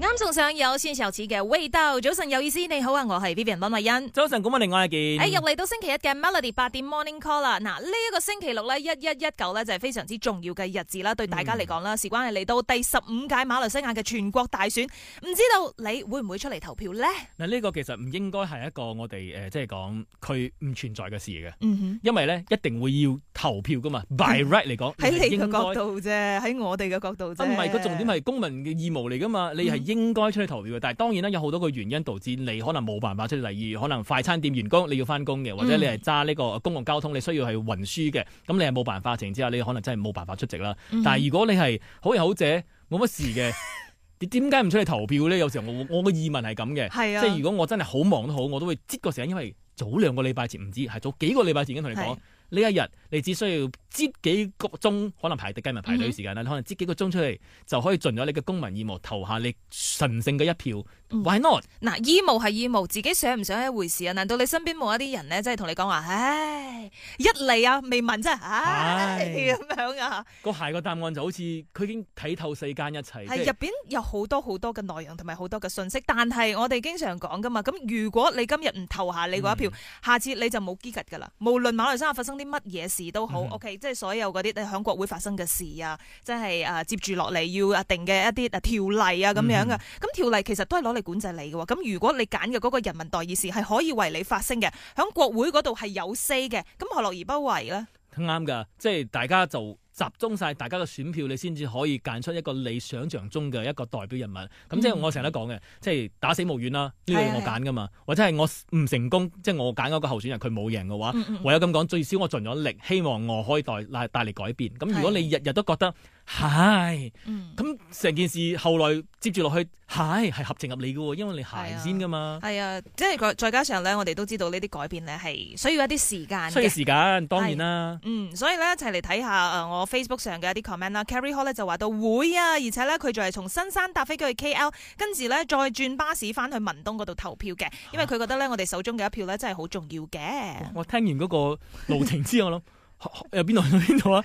啱仲上有先相似嘅 w a d o 到早晨有意思，你好啊，我係 Vivian 溫慧欣。早晨，講另外艾健。誒、哎，又嚟到星期一嘅 Melody 八點 Morning call 啦，嗱，呢、這、一個星期六咧，一一一九咧就係非常之重要嘅日子啦，對大家嚟講啦，事關係嚟到第十五屆馬來西亞嘅全國大選，唔知道你會唔會出嚟投票咧？嗱，呢個其實唔應該係一個我哋誒、呃，即係講佢唔存在嘅事嘅。嗯、哼因為咧一定會要投票噶嘛，by right 嚟講。喺 你嘅角度啫，喺我哋嘅角度啫。唔係、啊，個重點係公民嘅義務嚟噶嘛，你係、嗯。應該出去投票嘅，但係當然啦，有好多個原因導致你可能冇辦法出嚟。例如可能快餐店員工你要翻工嘅，嗯、或者你係揸呢個公共交通你需要係運輸嘅，咁你係冇辦法情之下你可能真係冇辦法出席啦。嗯、但係如果你係好人好姐冇乜事嘅，點點解唔出去投票咧？有時候我我嘅疑問係咁嘅，啊、即係如果我真係好忙都好，我都會擠個時間，因為早兩個禮拜前唔知係早幾個禮拜前已經同你講。呢一日你只需要擠幾個鐘，可能排隊計埋排隊時間啦，嗯、哼你可能擠幾個鐘出嚟就可以盡咗你嘅公民義務，投下你神聖嘅一票。嗯、Why not？嗱，義務係義務，自己想唔想一回事啊？難道你身邊冇一啲人咧，即係同你講話？唉，一嚟啊，未問啫，唉咁唉樣啊。個下個答案就好似佢已經睇透世間一切。係入邊有好多好多嘅內容同埋好多嘅信息，但係我哋經常講噶嘛。咁如果你今日唔投下你嗰一票，嗯、下次你就冇機會㗎啦。無論馬來西亞發生，啲乜嘢事都好，嗯、哼，OK，即係所有嗰啲喺國會發生嘅事啊，即係啊接住落嚟要啊定嘅一啲條例啊咁樣嘅，咁條、嗯、哼例其實都係攞嚟管制你嘅，咁如果你揀嘅嗰個人民代議士係可以為你發聲嘅，喺國會嗰度係有 say 嘅，咁何樂而不為咧？啱噶，即係大家就。集中晒大家嘅選票，你先至可以揀出一個你想像中嘅一個代表人物。咁即係我成日都講嘅，嗯、即係打死無怨啦。呢樣我揀噶嘛，或者係我唔成功，即係我揀嗰個候選人佢冇贏嘅話，嗯嗯唯有咁講，最少我盡咗力，希望我可以帶帶帶嚟改變。咁如果你日日都覺得，係，咁成、嗯、件事後來接住落去，係、哎、係合情合理嘅，因為你行先噶嘛。係啊，啊，即係再加上咧，我哋都知道呢啲改變咧係需要一啲時間。需要時間，當然啦。嗯，所以咧一齊嚟睇下誒、啊，我 Facebook 上嘅一啲 comment 啦。Carrie Hall 咧就話到會啊，而且咧佢就係從新山搭飛機去 KL，跟住咧再轉巴士翻去文東嗰度投票嘅，因為佢覺得咧我哋手中嘅一票咧真係好重要嘅、啊。我聽完嗰個路程之後，諗有邊度去邊度啊？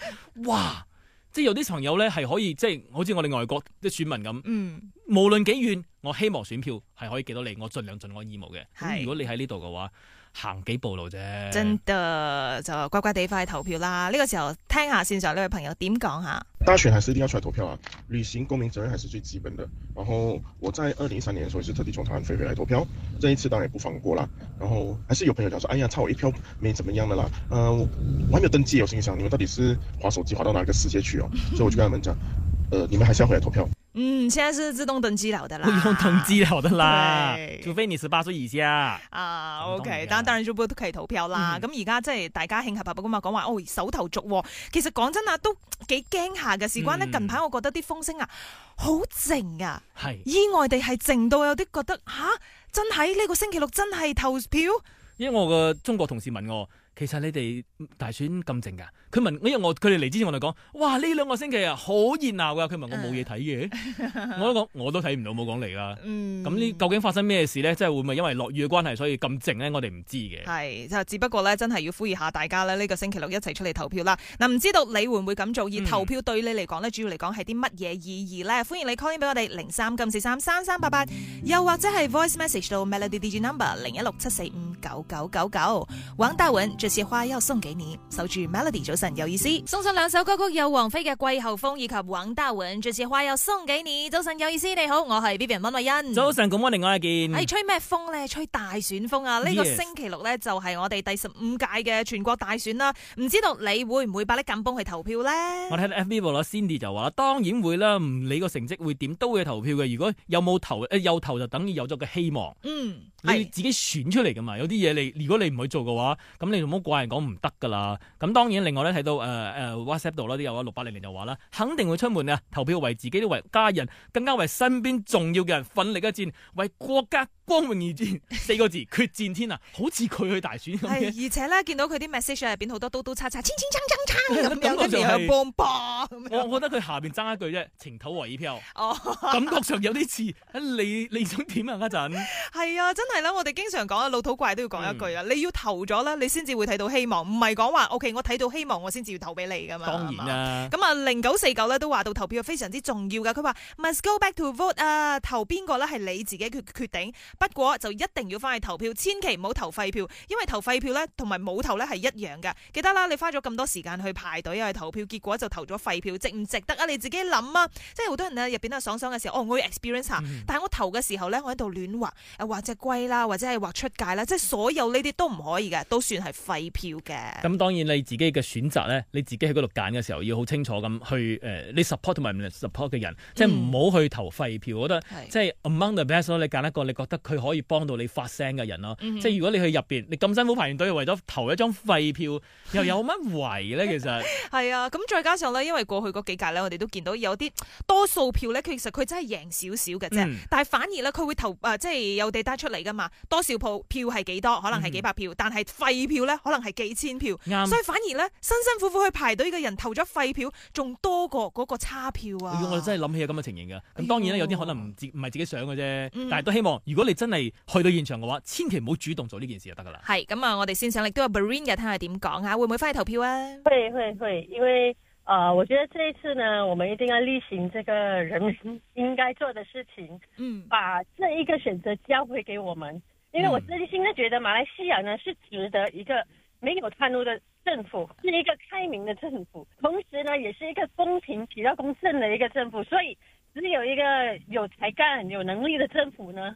哇！即係有啲朋友咧係可以，即係好似我哋外國啲選民咁，嗯、無論幾遠，我希望選票係可以寄到你。我盡量盡我義務嘅。是咁如果你喺呢度嘅話，行幾步路啫，真的就乖乖地快去投票啦。呢個時候聽下線上呢位朋友點講吓，大選還是一定要出來投票啊！履行公民責任還是最基本的。然後我在二零一三年的時候也是特地從台灣飛回來投票，這一次當然也不放過啦。然後還是有朋友講說，哎呀，差我一票，沒怎麼樣的啦？嗯，呃，我我還沒有登記，我心想，你們到底是滑手機滑到哪個世界去啊？所以我就跟他們講，呃，你們還是要回來投票。嗯，現在是自動登記了的啦，自動登記了的啦，對除非你十八歲以下。啊，OK，但當然就不可以投票啦。咁而家即係大家慶賀發表咁啊，講話哦手頭足，哦，其實講真啊，都幾驚下嘅。事關咧，近排我覺得啲風聲啊，好靜啊，係意外地係靜到有啲覺得吓是、啊，真喺呢、這個星期六真係投票。因為我個中國同事問我，其實你哋大選咁靜噶？佢問，因為我佢哋嚟之前我哋講，哇呢兩個星期啊好熱鬧噶，佢問我冇嘢睇嘅，我都講我都睇唔到冇講你啦。咁呢、嗯、究竟發生咩事呢？即係會唔會因為落雨嘅關係所以咁靜呢？我哋唔知嘅。係就只不過咧，真係要呼籲下大家呢，呢、這個星期六一齊出嚟投票啦。嗱、啊，唔知道你會唔會咁做？而投票對你嚟講呢，嗯、主要嚟講係啲乜嘢意義咧？歡迎你 call in 俾我哋零三咁四三三三八八，88, 又或者係 voice message 到 melody DJ number 零一六七四五九九九九，大這些花又送給你，守住 Melody，早晨有意思。送上兩首歌曲，有王菲嘅《季候風》以及王大文。這些花又送給你，早晨有意思。你好，我係 Vivian 溫慧恩。早晨，咁我另外一件，誒、哎，吹咩風咧？吹大選風啊！呢 Yes. 個星期六咧，就係我哋第十五屆嘅全國大選啦、啊。唔知道你會唔會百力勁幫去投票咧？我睇到 F B 播啦，Cindy 就話啦，當然會啦，唔理個成績會點都會投票嘅。如果有冇投有投，有投就等於有咗個希望。嗯，你自己選出嚟㗎嘛。有啲嘢你如果你唔去做嘅話，咁你。好怪人講唔得噶啦，咁當然另外咧睇到，誒誒、呃呃、WhatsApp 度啦，都有啊六八零零就話啦，肯定會出門啊，投票為自己、為家人、更加為身邊重要嘅人，奮力一戰，為國家。光榮二戰四個字，決戰天啊，好似佢去大選咁。係而且咧，見到佢啲 message 入邊好多刀刀叉叉、槍槍槍槍咁樣，佢哋響崩霸。我我覺得佢下邊爭一句啫，情投為票。哦，感覺上有啲似你，你想點啊？嗰陣係啊，真係啦，我哋經常講啊，老土怪都要講一句啊，你要投咗啦，你先至會睇到希望，唔係講話 OK，我睇到希望我先至要投俾你噶嘛。當然啦。咁啊，零九四九咧都話到投票非常之重要噶，佢話 must go back to vote 啊，投邊個咧係你自己決決定。不過就一定要返去投票，千祈唔好投廢票，因為投廢票咧同埋冇投咧係一樣嘅。記得啦，你花咗咁多時間去排隊啊，去投票，結果就投咗廢票，值唔值得啊？你自己諗啊！即係好多人啊，入邊啊爽爽嘅時候，哦，我要 experience 吓，嗯、但係我投嘅時候咧，我喺度亂畫，誒，畫隻龜啦，或者係畫出界啦，即係所有呢啲都唔可以嘅，都算係廢票嘅。咁當然你自己嘅選擇咧，你自己喺嗰度揀嘅時候要好清楚咁去誒、呃，你 support or support 同埋唔 support 嘅人，嗯、即係唔好去投廢票。嗯、我覺得即係 among the best 你揀一個你覺得。佢可以幫到你發聲嘅人咯，嗯、哼即係如果你去入邊，你咁辛苦排完隊，為咗投一張廢票， 又有乜為咧？其實係 啊，咁再加上咧，因為過去嗰幾屆咧，我哋都見到有啲多數票咧，其實佢真係贏少少嘅啫。嗯、但係反而咧，佢會投誒，即、呃、係、就係、有地帶出嚟噶嘛？多少票票係幾多？可能係幾百票，嗯、哼但係廢票咧可能係幾千票，嗯、所以反而咧，辛辛苦苦去排隊嘅人投咗廢票，仲多過嗰個差票啊！哎、我真係諗起咁嘅情形嘅。咁當然咧，有啲可能唔唔係自己想嘅啫，嗯、但係都希望如果你真係去到現場嘅話，千祈唔好主動做呢件事就得㗎喇。係咁啊，我哋線上亦都有 Breen 嘅，睇下點講啊，會唔會翻去投票啊？會會會，因為啊、呃，我覺得這一次呢，我們一定要履行這個人民應該做的事情，嗯，把這一個選擇交回給我們。因為我真心呢，覺得馬來西亞呢是值得一個沒有貪污的政府，是一個開明的政府，同時呢，也是一個公平、比較公正的一個政府。所以，只有一個有才幹、有能力的政府呢。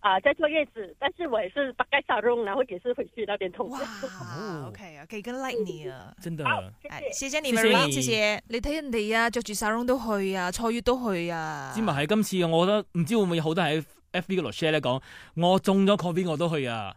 啊，在坐月子，但是我也是把蓋衫絨，然後也是回去嗰邊同。OK 啊，可以咁賴你啊，真的，好謝，謝，Ay, 謝謝你們啦，謝謝。謝謝你睇人哋啊，着住衫絨都去啊，坐月都去啊。之咪係今次，我覺得唔知會唔會有好多人。FV 嘅律師咧講，我中咗 COVID 我都去啊，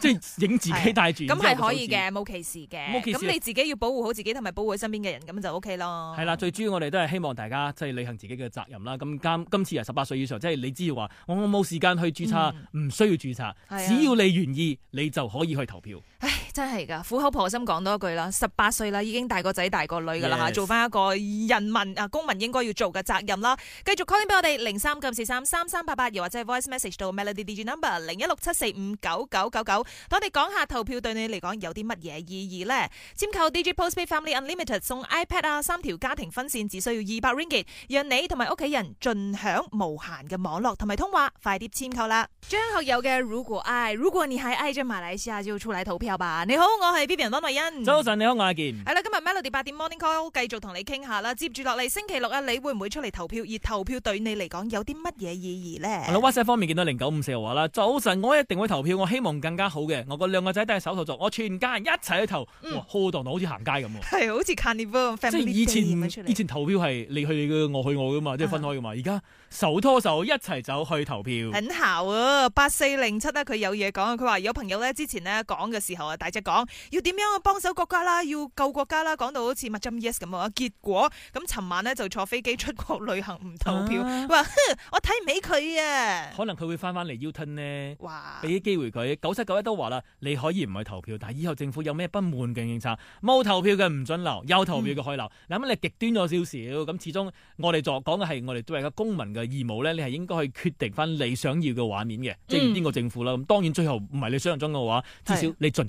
即係影自己戴住，咁係 的可以嘅，冇歧視嘅。咁你自己要保護好自己，同埋保護身邊嘅人，咁就 OK 咯。係啦，最主要我哋都係希望大家即係履行自己嘅責任啦。咁今今次係，十八歲以上，即係你只要話我我冇時間去注冊，唔需要注冊，的只要你願意，你就可以去投票。唉，真係噶，苦口婆心講多一句啦，十八歲啦，已經大個仔大個女噶啦吓，Yes. 做翻一個人民啊公民應該要做嘅責任啦。繼續 call 翻俾我哋零三九四三三三八八，又或者係 voice message 到 Melody Digi number 零一六七四五九九九九。當你講下投票對你嚟講有啲乜嘢意義呢？簽購 Digi Postpaid Family Unlimited 送 iPad 啊，三條家庭分線只需要二百 ringgit，讓你同埋屋企人盡享無限嘅網絡同埋通話，快啲簽購啦！張學友嘅如果愛，如果你喺愛着馬來西亞，就要出嚟投票。有吧？你好，我係 Vivian 溫慧欣。早晨，你好，我阿健。係啦，今日 Melody 八點 Morning Call 繼續同你傾下啦，接住落嚟星期六啊，你會唔會出嚟投票？而投票對你嚟講有啲乜嘢意義咧？喺 WhatsApp 方面見到零九五四話啦，早晨我一定會投票，我希望更加好嘅。我個兩個仔都係手拖手，我全家人一齊去投，哇，浩浩蕩蕩好似行街咁。係，好似 Carnival。即係以前以前投票係你去你嘅，我去我噶嘛，即係分開噶嘛。而家手拖手一齊走去投票。很姣啊，八四零七咧，佢有嘢講啊，佢話有朋友咧之前咧講嘅時候。大隻講要點樣去幫手國家啦，要救國家啦，講到好似乜 j a m s 咁啊！ 結果咁，尋晚咧就坐飛機出國旅行，唔投票，我睇唔起佢啊！啊可能佢會翻翻嚟 Uturn 咧，俾機會佢。九七九一都話啦，你可以唔去投票，但係以後政府有咩不滿嘅政策，冇投票嘅唔准留，有投票嘅可以留。諗、嗯、你極端咗少少，咁始終我哋作講嘅係我哋作為個公民嘅義務咧，你係應該去決定翻你想要嘅畫面嘅，即係邊個政府啦。咁、嗯、當然最後唔係你想象中嘅話，至少你盡。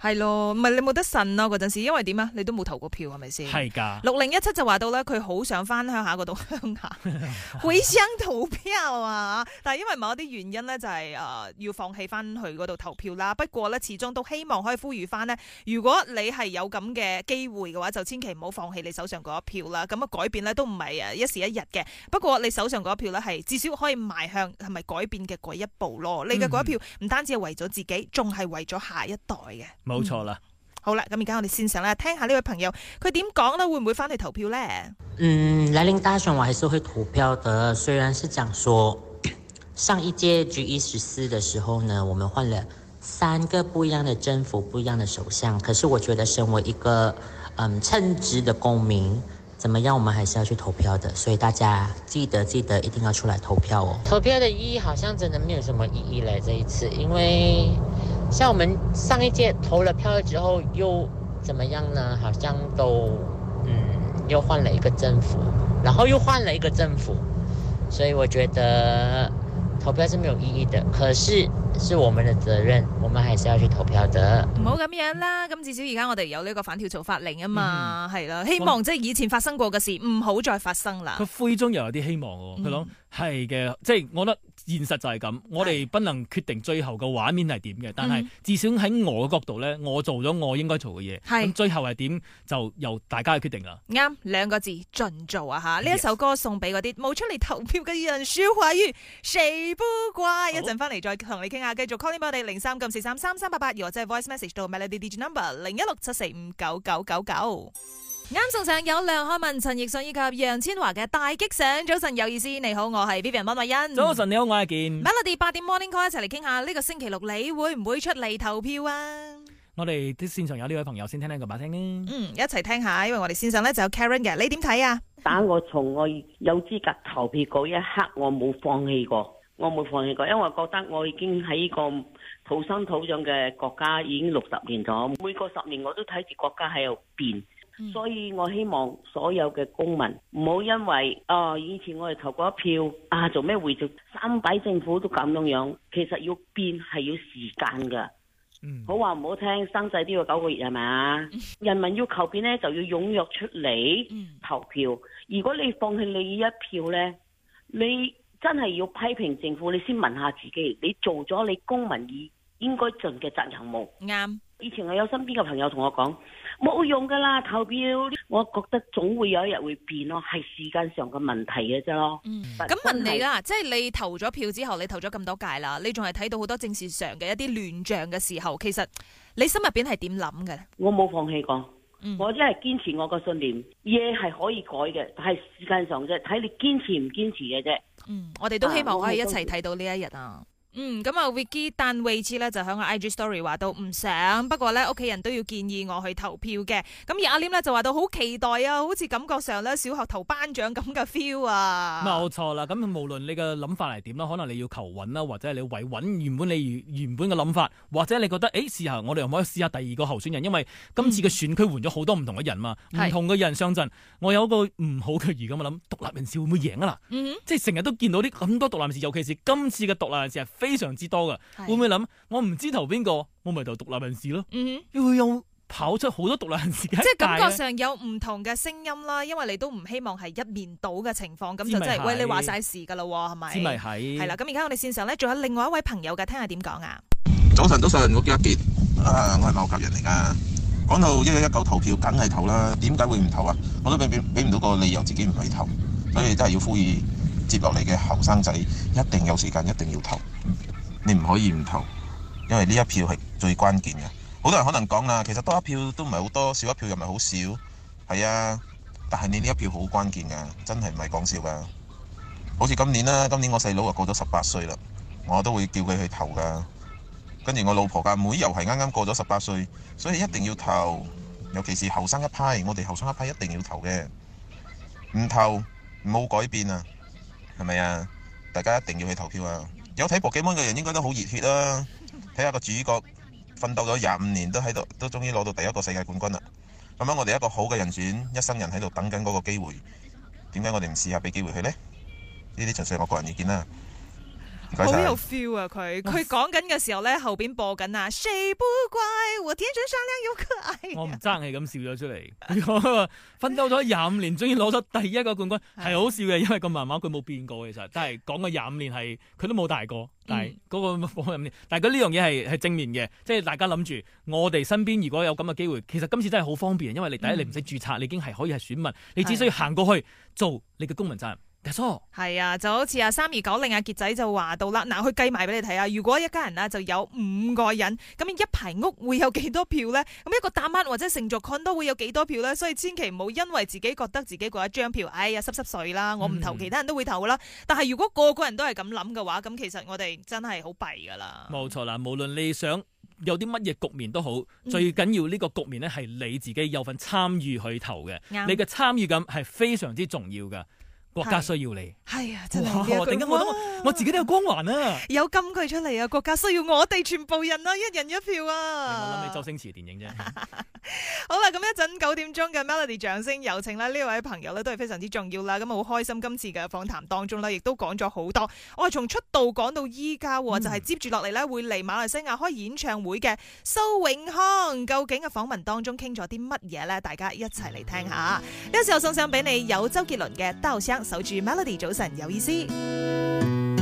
係 咯，唔係你冇得信咯。嗰陣時，因為點啊，你都冇投過票，係咪先？係噶六零一七就話到咧，佢好想翻鄉下嗰度鄉下，回鄉投票啊。但係因為某一啲原因咧，就係誒要放棄翻去嗰度投票啦。不過咧，始終都希望可以呼籲翻咧，如果你係有咁嘅機會嘅話，就千祈唔好放棄你手上嗰一票啦。咁啊，改變咧都唔係誒一時一日嘅。不過你手上嗰一票咧係至少可以邁向係咪改變嘅嗰一步咯。你嘅嗰一票唔單止係為咗自己，仲係為咗下一代嘅。嗯冇錯啦、嗯，好啦，咁而家我哋先想啦，聽下呢位朋友佢點講呢？會唔會翻嚟投票呢？嗯，來臨大選我還是會投票的，雖然是講說上一屆 G 一十四的時候呢，我們換了三個不一樣的政府、不一樣的首相，可是我覺得身為一個嗯稱職的公民，怎麼樣，我們還是要去投票的，所以大家記得記得一定要出來投票哦。投票的意義好像真的沒有什麼意義咧，這一次因為。像我們上一屆投了票之後又怎麼樣呢？好像都，嗯，又換了一個政府，然後又換了一個政府，所以我覺得投票是沒有意義的。可是是我們的責任，我們還是要去投票的。唔好咁樣啦，咁至少而家我哋有呢個反跳槽法令啊嘛，係啦、嗯，希望即係以前發生過嘅事唔好我再發生啦。佢灰、嗯、中又有啲希望喎、哦，佢諗係嘅，即係我覺得。現實就係咁，是我哋不能決定最後嘅畫面係點嘅，但係至少喺我嘅角度咧，我做咗我應該做嘅嘢。咁是最後係點就由大家去決定啦。啱兩個字盡做啊！嚇呢 Yes 一首歌送俾嗰啲冇出嚟投票嘅人小選委，誰不怪好一陣翻嚟再同你傾下。繼續 call in 我哋零三九四三三三八八，或者 voice message 到 melody number 零一六七四五九九九九。啱上場有梁漢文、陳奕迅以及楊千華嘅大激賞。早晨有意思，你好，我係 Vivian 馬麗欣。早晨你好，我係健 Melody。八 Mel 點 Morning Call 一齊嚟傾下呢個星期六你會唔會出嚟投票啊？我哋啲線上有呢位朋友先聽聽佢把聲，嗯，一齊聽一下，因為我哋線上咧就有 Karen 嘅，你點睇啊？打我從我有資格投票嗰一刻，我冇放棄過，我冇放棄過，因為覺得我已經喺個土生土長嘅國家已經六十年咗，每個十年我都睇住國家喺度變。 所以我希望所有嘅公民唔好因為啊、哦、以前我哋投過一票啊做咩回族三擺政府都咁樣樣，其實要變係要時間噶。 好話唔好聽，生仔都要九個月係咪啊？人民要求變呢就要踊躍出嚟投票。 如果你放棄你一票呢，你真係要批評政府，你先問下自己，你做咗你公民義應該盡嘅責任冇？啱、嗯。以前我有身邊嘅朋友同我講，冇用噶啦，投票，我覺得總會有一日會變咯，係時間上嘅問題嘅啫咯。咁、嗯、問你啦，即係你投咗票之後，你投咗咁多屆啦，你仲係睇到好多政治上嘅一啲亂象嘅時候，其實你心入邊係點諗嘅？我冇放棄過，嗯、我真係堅持我個信念，嘢係可以改嘅，但係時間上啫，睇你堅持唔堅持嘅啫、嗯。我哋都希望可以一齊睇到呢一日啊！嗯，咁啊，Vicky 但 Vicky 咧就響個 IG Story 話到唔想，不過咧屋企人都要建議我去投票嘅。咁而阿 Lim 咧就話到好期待啊，好似感覺上咧小學投班長咁嘅 feel 啊。冇錯啦，咁無論你嘅諗法係點啦，可能你要求穩啦，或者你維穩原本你原本嘅諗法，或者你覺得誒、欸，事後我哋又唔可以試下第二個候選人，因為今次嘅選區換咗好多唔同嘅人嘛，唔、嗯、同嘅人上陣。是我有一個唔好嘅預感，我諗，獨立人士會唔會贏啊啦？嗯、哼即係成日都見到啲咁多獨立人士，尤其是今次嘅獨立人士。非常之多噶，會唔會諗？我唔知投邊個，我咪投獨立人士咯。嗯哼，會有跑出好多獨立人士，即係感覺上有唔同嘅聲音啦。因為你都唔希望係一面倒嘅情況，咁就真係喂，你話晒事噶啦，係咪？係咪係係啦。咁而家我哋線上咧，仲有另外一位朋友嘅，聽下點講啊？早晨，早晨，我叫阿杰，啊，我係馬國人嚟噶。講到一一一九投票，梗係投啦。點解會唔投啊？我都俾唔俾唔到個理由，自己唔係投，所以真係要呼籲。接落嚟嘅後生仔一定有時間，一定要投。你唔可以唔投，因為呢一票係最關鍵嘅。好多人可能講啦，其實多一票都唔係好多，少一票又唔係好少，係啊。但係你呢一票好關鍵㗎，真係唔係講笑㗎。好似今年啦，今年我細佬就過咗十八歲啦，我都會叫佢去投㗎。跟住我老婆嘅妹妹又係啱啱過咗十八歲，所以一定要投。尤其是後生一批，我哋後生一批一定要投嘅。唔投冇改變啊！係咪啊？大家一定要去投票啊！有睇搏擊蚊嘅人應該都好熱血啦、啊，睇下個主角奮鬥咗廿五年都喺度，都終於攞到第一個世界冠軍啦。咁樣我哋一個好嘅人選，一生人喺度等緊嗰個機會，點解我哋唔試下俾機會佢呢？呢啲純粹係我個人意見啦。好有 feel 啊！佢佢講緊嘅時候咧，後邊播緊啊，誰不怪我天真傻靚又可愛。我唔爭氣咁笑咗 出嚟，奮鬥咗廿五年，終於攞咗第一個冠軍，係好是、啊、笑嘅。因為個漫畫佢冇變過，其實但係講嘅廿五年係佢都冇大過，嗯、但係嗰、嗰個廿五年，但係佢呢樣嘢係係正面嘅，即係大家諗住我哋身邊如果有咁嘅機會，其實今次真係好方便，因為你第一你唔使註冊，嗯、你已經係可以係選民，你只需要行過去做你嘅公民責任。係 Yes，so，啊，就好似啊三二九零阿杰仔就話到啦，嗱、啊，佢計埋俾你睇啊。如果一家人咧就有五個人，咁一排屋會有幾多票咧？咁一個單啊或者成座邨都會有幾多票咧？所以千祈唔好因為自己覺得自己過一張票，哎呀濕濕碎啦！我唔投、嗯、其他人都會投啦。但係如果個個人都係咁諗嘅話，咁其實我哋真係好弊噶啦。冇錯啦，無論你想有啲乜嘢局面都好，嗯、最緊要呢個局面咧係你自己有份參與去投嘅，嗯、對你嘅參與感係非常之重要噶。國家需要你，係、哎、哇啊，真係、啊、我自己都有光環啊，有金句出嚟啊！國家需要我哋全部人啊，一人一票啊！我諗、嗯、你周星馳電影啫。 好啦，咁一陣九點鐘嘅 Melody 掌聲，有請咧呢位朋友咧都係非常之重要啦。咁好開心今次嘅訪談當中呢亦都講咗好多。我係從出道講到依家，嗯、就係接住落嚟呢會嚟馬來西亞開演唱會嘅蘇永康，究竟嘅訪問當中傾咗啲乜嘢呢？大家一齊嚟聽一下。呢、嗯、個時候我送上俾你有周杰倫嘅守住 melody，早晨有意思。